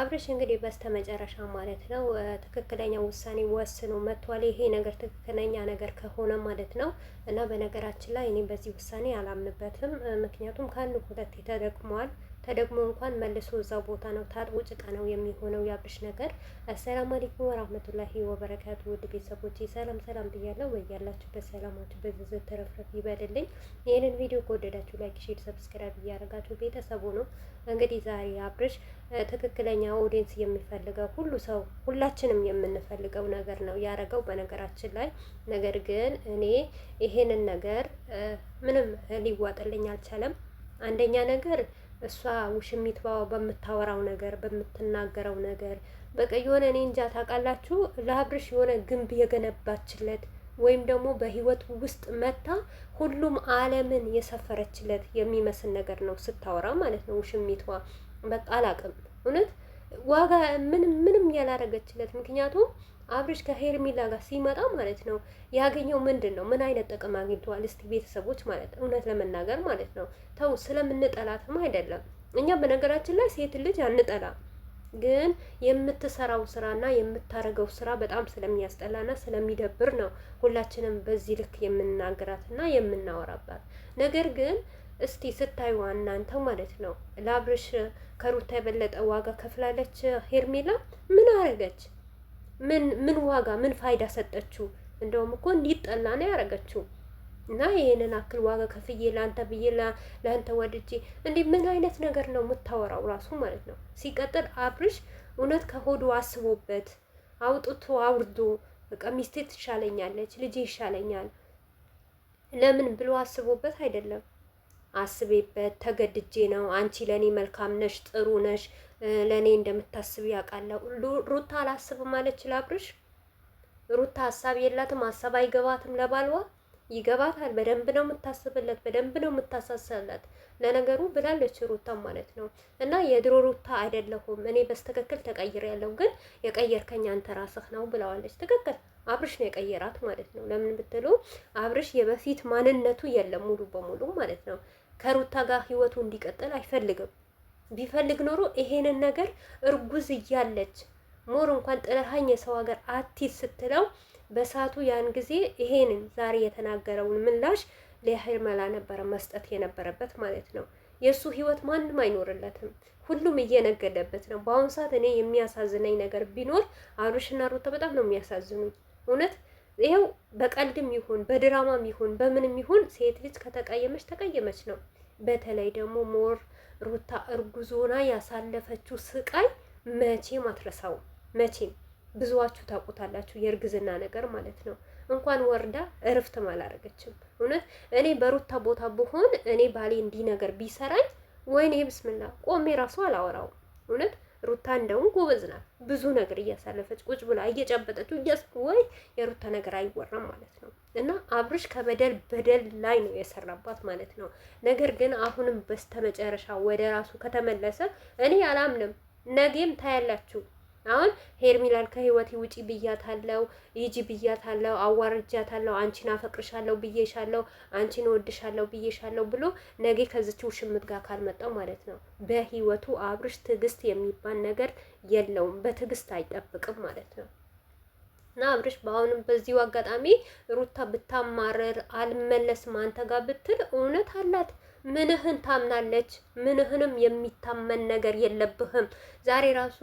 አብርሽ እንግዲህ በስተመጨረሻ ማለት ነው ትክክለኛ ውሳኔ ወስኖ መጥቷል። ይሄ ነገር ትክክለኛ ነገር ከሆነ ማለት ነው። እና በነገራችን ላይ እኔ በዚህ ውሳኔ አላምንበትም። ምክንያቱም ከአንድ ሁለት ተደቅሟል። ተደግሞ እንኳን መልሶ እዛው ቦታ ነው ታጥቦ ጭቃ ነው የሚሆነው የአብርሽ ነገር። አሰላሙ አለይኩም ወራህመቱላሂ ወበረካቱ። ውድ ቤተሰቦቼ ሰላም ሰላም ብያለሁ። ወያላችሁ በሰላማችሁ በዝዝ ተረፍረፍ ይበልልኝ። ይህንን ቪዲዮ ከወደዳችሁ ላይክ፣ ሼር፣ ሰብስክራይብ እያደረጋችሁ ቤተሰቡ ነው እንግዲህ ዛሬ አብርሽ ትክክለኛ ኦዲየንስ የሚፈልገው ሁሉ ሰው ሁላችንም የምንፈልገው ነገር ነው ያደረገው በነገራችን ላይ። ነገር ግን እኔ ይሄንን ነገር ምንም ሊዋጥልኝ አልቻለም። አንደኛ ነገር እሷ ውሽሚትዋ በምታወራው ነገር በምትናገረው ነገር በቃ የሆነ እኔ እንጃ ታውቃላችሁ፣ ለአብርሽ የሆነ ግንብ የገነባችለት ወይም ደግሞ በህይወት ውስጥ መታ ሁሉም ዓለምን የሰፈረችለት የሚመስል ነገር ነው ስታወራ ማለት ነው ውሽሚትዋ በቃ አላቅም እውነት ዋጋ ምንም ምንም ያላረገችለት። ምክንያቱም አብርሽ ከሄርሜላ ጋር ሲመጣ ማለት ነው ያገኘው ምንድን ነው? ምን አይነት ጥቅም አግኝተዋል? እስቲ ቤተሰቦች ማለት እውነት ለመናገር ማለት ነው ተው፣ ስለምንጠላትም አይደለም። እኛ በነገራችን ላይ ሴት ልጅ አንጠላ ግን የምትሰራው ስራና የምታረገው ስራ በጣም ስለሚያስጠላና ስለሚደብር ነው ሁላችንም በዚህ ልክ የምናገራትና የምናወራባት ነገር ግን እስቲ ስታዩ እናንተው ማለት ነው። ለአብርሽ ከሩታ የበለጠ ዋጋ ከፍላለች ሄርሜላ። ምን አረገች? ምን ምን ዋጋ ምን ፋይዳ ሰጠችው? እንደውም እኮ እንዲጠላ ነው ያረገችው። እና ይህንን አክል ዋጋ ከፍዬ ለአንተ ብዬ ለአንተ ወድጄ እንዲህ ምን አይነት ነገር ነው የምታወራው ራሱ ማለት ነው። ሲቀጥል አብርሽ እውነት ከሆዱ አስቦበት አውጥቶ አውርዶ በቃ ሚስቴ ትሻለኛለች፣ ልጄ ይሻለኛል ለምን ብሎ አስቦበት አይደለም አስቤበት ተገድጄ ነው። አንቺ ለእኔ መልካም ነሽ፣ ጥሩ ነሽ፣ ለእኔ እንደምታስብ ያውቃለሁ። ሩታ አላስብም አለች ላብርሽ። ሩታ ሀሳብ የላትም፣ ሀሳብ አይገባትም ለባልዋ ይገባታል። በደንብ ነው የምታስብለት፣ በደንብ ነው የምታሳሰለት። ለነገሩ ብላለች ሩታ ማለት ነው። እና የድሮ ሩታ አይደለሁም እኔ በስተክክል ተቀይር ያለው ግን የቀየርከኝ አንተ ራስህ ነው ብለዋለች። ትክክል አብርሽ ነው የቀየራት ማለት ነው። ለምን ብትሉ አብርሽ የበፊት ማንነቱ የለም ሙሉ በሙሉ ማለት ነው። ከሩታ ጋር ህይወቱ እንዲቀጥል አይፈልግም። ቢፈልግ ኖሮ ይሄንን ነገር እርጉዝ እያለች ሞር እንኳን ጥለሃኝ የሰው ሀገር አቲት ስትለው በሳቱ ያን ጊዜ ይሄንን ዛሬ የተናገረውን ምላሽ ለሄርሜላ ነበረ መስጠት የነበረበት ማለት ነው። የእሱ ህይወት ማንም አይኖርለትም። ሁሉም እየነገደበት ነው። በአሁኑ ሰዓት እኔ የሚያሳዝነኝ ነገር ቢኖር አብርሽና ሩታ በጣም ነው የሚያሳዝኑኝ እውነት ይኸው በቀልድም ይሁን በድራማም ይሁን በምንም ይሁን ሴት ልጅ ከተቀየመች ተቀየመች ነው። በተለይ ደግሞ ሞር ሩታ እርጉዞና ያሳለፈችው ስቃይ መቼም አትረሳው መቼም ብዙዋችሁ ታውቁታላችሁ፣ የእርግዝና ነገር ማለት ነው። እንኳን ወርዳ እርፍትም አላረገችም። እውነት እኔ በሩታ ቦታ ብሆን እኔ ባሌ እንዲህ ነገር ቢሰራኝ ወይኔ ብስምላ ቆሜ ራሱ አላወራው። እውነት ሩታ እንደውም ጎበዝ ናት። ብዙ ነገር እያሳለፈች ቁጭ ብላ እየጨበጠችው እያስ ወይ የሩታ ነገር አይወራም ማለት ነው። እና አብርሽ ከበደል በደል ላይ ነው የሰራባት ማለት ነው። ነገር ግን አሁንም በስተመጨረሻ ወደ ራሱ ከተመለሰ እኔ አላምንም። ነገም ታያላችሁ አሁን ሄርሚላን ከህይወቴ ውጪ ብያታለው፣ ይጂ ብያታለው፣ አዋርጃታለው፣ አንቺን አፈቅርሻለሁ ብዬሻለው፣ አንቺን ወድሻለው ብዬሻለው ብሎ ነገ ከዚች ውሽምት ጋር ካልመጣው ማለት ነው በህይወቱ አብርሽ ትዕግስት የሚባል ነገር የለውም። በትዕግስት አይጠብቅም ማለት ነው። እና አብርሽ በአሁንም በዚሁ አጋጣሚ ሩታ ብታማረር አልመለስም አንተ ጋር ብትል እውነት አላት ምንህን ታምናለች? ምንህንም የሚታመን ነገር የለብህም። ዛሬ ራሱ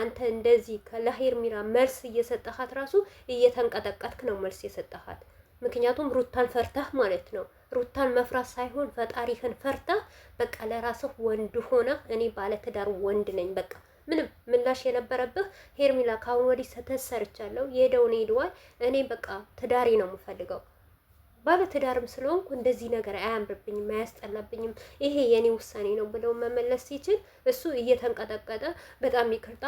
አንተ እንደዚህ ለሄርሚላ መልስ እየሰጠሃት ራሱ እየተንቀጠቀጥክ ነው መልስ የሰጠሃት። ምክንያቱም ሩታን ፈርተህ ማለት ነው። ሩታን መፍራት ሳይሆን ፈጣሪህን ፈርተህ በቃ ለራስህ ወንድ ሆነ እኔ ባለትዳር ወንድ ነኝ በቃ ምንም ምላሽ የነበረብህ ሄርሚላ፣ ካሁን ወዲህ ተሰርቻለሁ፣ የሄደውን ሄደዋል፣ እኔ በቃ ትዳሪ ነው የምፈልገው ባለትዳርም ስለሆንኩ እንደዚህ ነገር አያምርብኝም፣ አያስጠላብኝም፣ ይሄ የኔ ውሳኔ ነው ብለው መመለስ ሲችል እሱ እየተንቀጠቀጠ በጣም ይቅርታ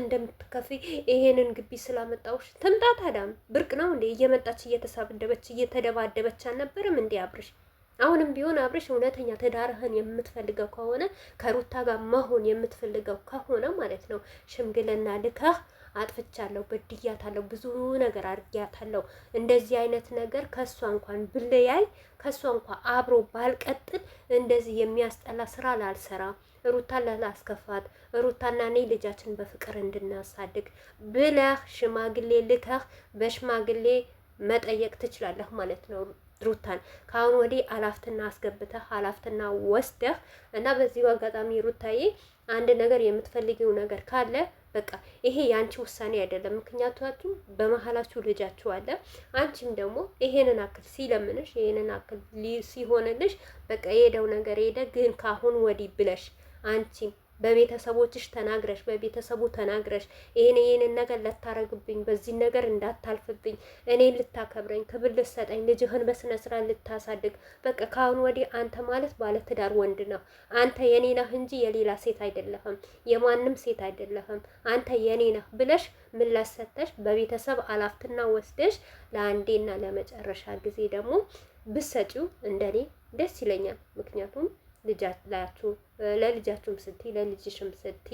እንደምትከፊ ይሄንን ግቢ ስላመጣውሽ ትምጣ አዳም ብርቅ ነው እንዴ? እየመጣች እየተሳደበች እየተደባደበች አልነበርም እንዴ አብርሽ? አሁንም ቢሆን አብርሽ እውነተኛ ትዳርህን የምትፈልገው ከሆነ ከሩታ ጋር መሆን የምትፈልገው ከሆነ ማለት ነው ሽምግልና ልከህ አጥፍቻለሁ፣ በድያታለሁ፣ ብዙ ነገር አድርጊያታለሁ። እንደዚህ አይነት ነገር ከእሷ እንኳን ብለያይ ከእሷ እንኳን አብሮ ባልቀጥል እንደዚህ የሚያስጠላ ስራ ላልሰራ ሩታን ላላስከፋት ሩታና እኔ ልጃችን በፍቅር እንድናሳድግ ብለህ ሽማግሌ ልከህ በሽማግሌ መጠየቅ ትችላለህ ማለት ነው። ሩታን ከአሁን ወዲህ አላፍትና አስገብተህ አላፍትና ወስደህ እና በዚሁ አጋጣሚ ሩታዬ አንድ ነገር የምትፈልጊው ነገር ካለ በቃ ይሄ የአንቺ ውሳኔ አይደለም። ምክንያቱም በመሀላችሁ ልጃችሁ አለ። አንቺም ደግሞ ይሄንን አክል ሲለምንሽ፣ ይሄንን አክል ሲሆንልሽ፣ በቃ የሄደው ነገር ሄደ። ግን ካሁን ወዲህ ብለሽ አንቺም በቤተሰቦችሽ ተናግረሽ በቤተሰቡ ተናግረሽ ይሄን ይሄንን ነገር ልታረግብኝ፣ በዚህ ነገር እንዳታልፍብኝ፣ እኔን ልታከብረኝ፣ ክብር ልትሰጠኝ፣ ልጅህን በስነ ስርዓት ልታሳድግ፣ በቃ ከአሁን ወዲህ አንተ ማለት ባለትዳር ወንድ ነው። አንተ የኔ ነህ እንጂ የሌላ ሴት አይደለህም፣ የማንም ሴት አይደለህም። አንተ የኔ ነህ ብለሽ ምላሽ ሰተሽ በቤተሰብ አላፍትና ወስደሽ ለአንዴና ለመጨረሻ ጊዜ ደግሞ ብሰጪው እንደኔ ደስ ይለኛል። ምክንያቱም ልጃችሁ ለልጃችሁም ስቲ ለልጅሽም ስቲ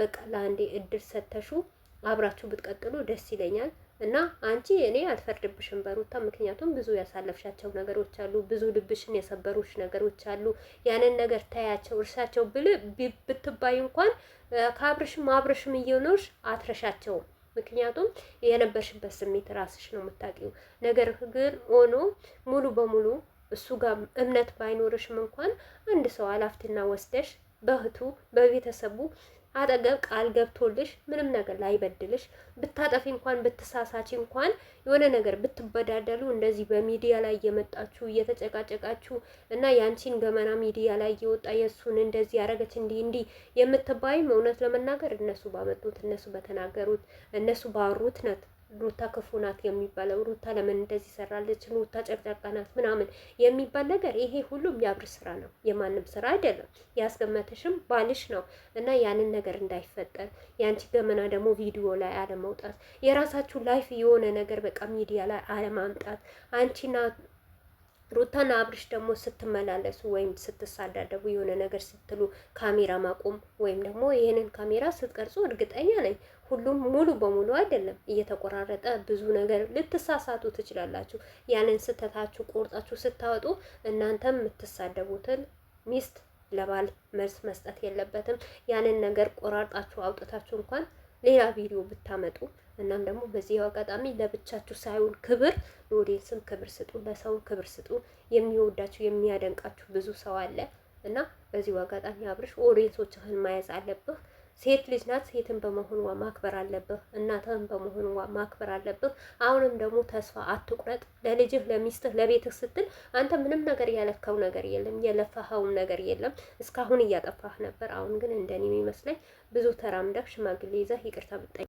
በቃ ለአንዴ እድል ሰተሹ አብራችሁ ብትቀጥሉ ደስ ይለኛል። እና አንቺ እኔ አልፈርድብሽም በሩታ ምክንያቱም ብዙ ያሳለፍሻቸው ነገሮች አሉ፣ ብዙ ልብሽን የሰበሩሽ ነገሮች አሉ። ያንን ነገር ታያቸው እርሳቸው ብል ብትባይ እንኳን ከአብርሽም አብርሽም እየኖርሽ አትረሻቸውም። ምክንያቱም የነበርሽበት ስሜት ራስሽ ነው የምታውቂው። ነገር ግን ሆኖ ሙሉ በሙሉ እሱ ጋር እምነት ባይኖርሽም እንኳን አንድ ሰው አላፍትና ወስደሽ በእህቱ በቤተሰቡ አጠገብ ቃል ገብቶልሽ ምንም ነገር ላይበድልሽ ብታጠፊ እንኳን ብትሳሳች እንኳን የሆነ ነገር ብትበዳደሉ እንደዚህ በሚዲያ ላይ እየመጣችሁ እየተጨቃጨቃችሁ እና ያንቺን ገመና ሚዲያ ላይ እየወጣ የእሱን እንደዚህ ያደረገች እንዲህ እንዲህ የምትባይም እውነት ለመናገር እነሱ ባመጡት እነሱ በተናገሩት እነሱ ባወሩት ነት ሩታ ክፉ ናት የሚባለው ሩታ ለምን እንደዚህ ሰራለች፣ ሩታ ጨቅጫቃ ናት ምናምን የሚባል ነገር ይሄ ሁሉም የአብር ስራ ነው፣ የማንም ስራ አይደለም። ያስገመተሽም ባልሽ ነው እና ያንን ነገር እንዳይፈጠር የአንቺ ገመና ደግሞ ቪዲዮ ላይ አለመውጣት፣ የራሳችሁ ላይፍ የሆነ ነገር በቃ ሚዲያ ላይ አለማምጣት አንቺና ሩታና አብርሽ ደግሞ ስትመላለሱ ወይም ስትሳዳደቡ የሆነ ነገር ስትሉ ካሜራ ማቆም ወይም ደግሞ ይህንን ካሜራ ስትቀርጹ እርግጠኛ ነኝ ሁሉም ሙሉ በሙሉ አይደለም እየተቆራረጠ ብዙ ነገር ልትሳሳቱ ትችላላችሁ። ያንን ስህተታችሁ ቆርጣችሁ ስታወጡ እናንተም የምትሳደቡትን ሚስት ለባል መልስ መስጠት የለበትም። ያንን ነገር ቆራርጣችሁ አውጥታችሁ እንኳን ሌላ ቪዲዮ ብታመጡ እናም ደግሞ በዚህ አጋጣሚ ለብቻችሁ ሳይሆን ክብር ለኦዲየንስም ክብር ስጡ፣ ለሰውም ክብር ስጡ። የሚወዳችሁ የሚያደንቃችሁ ብዙ ሰው አለ እና በዚህ አጋጣሚ አብርሽ ኦዲየንሶችህን ማየት አለብህ። ሴት ልጅ ናት። ሴትን በመሆንዋ ማክበር አለብህ። እናትህን በመሆንዋ ማክበር አለብህ። አሁንም ደግሞ ተስፋ አትቁረጥ። ለልጅህ፣ ለሚስትህ፣ ለቤትህ ስትል አንተ ምንም ነገር ያለካው ነገር የለም፣ የለፋኸውም ነገር የለም። እስካሁን እያጠፋህ ነበር። አሁን ግን እንደኔ የሚመስለኝ ብዙ ተራምደህ ሽማግሌ ይዘህ ይቅርታ ብጠይቅ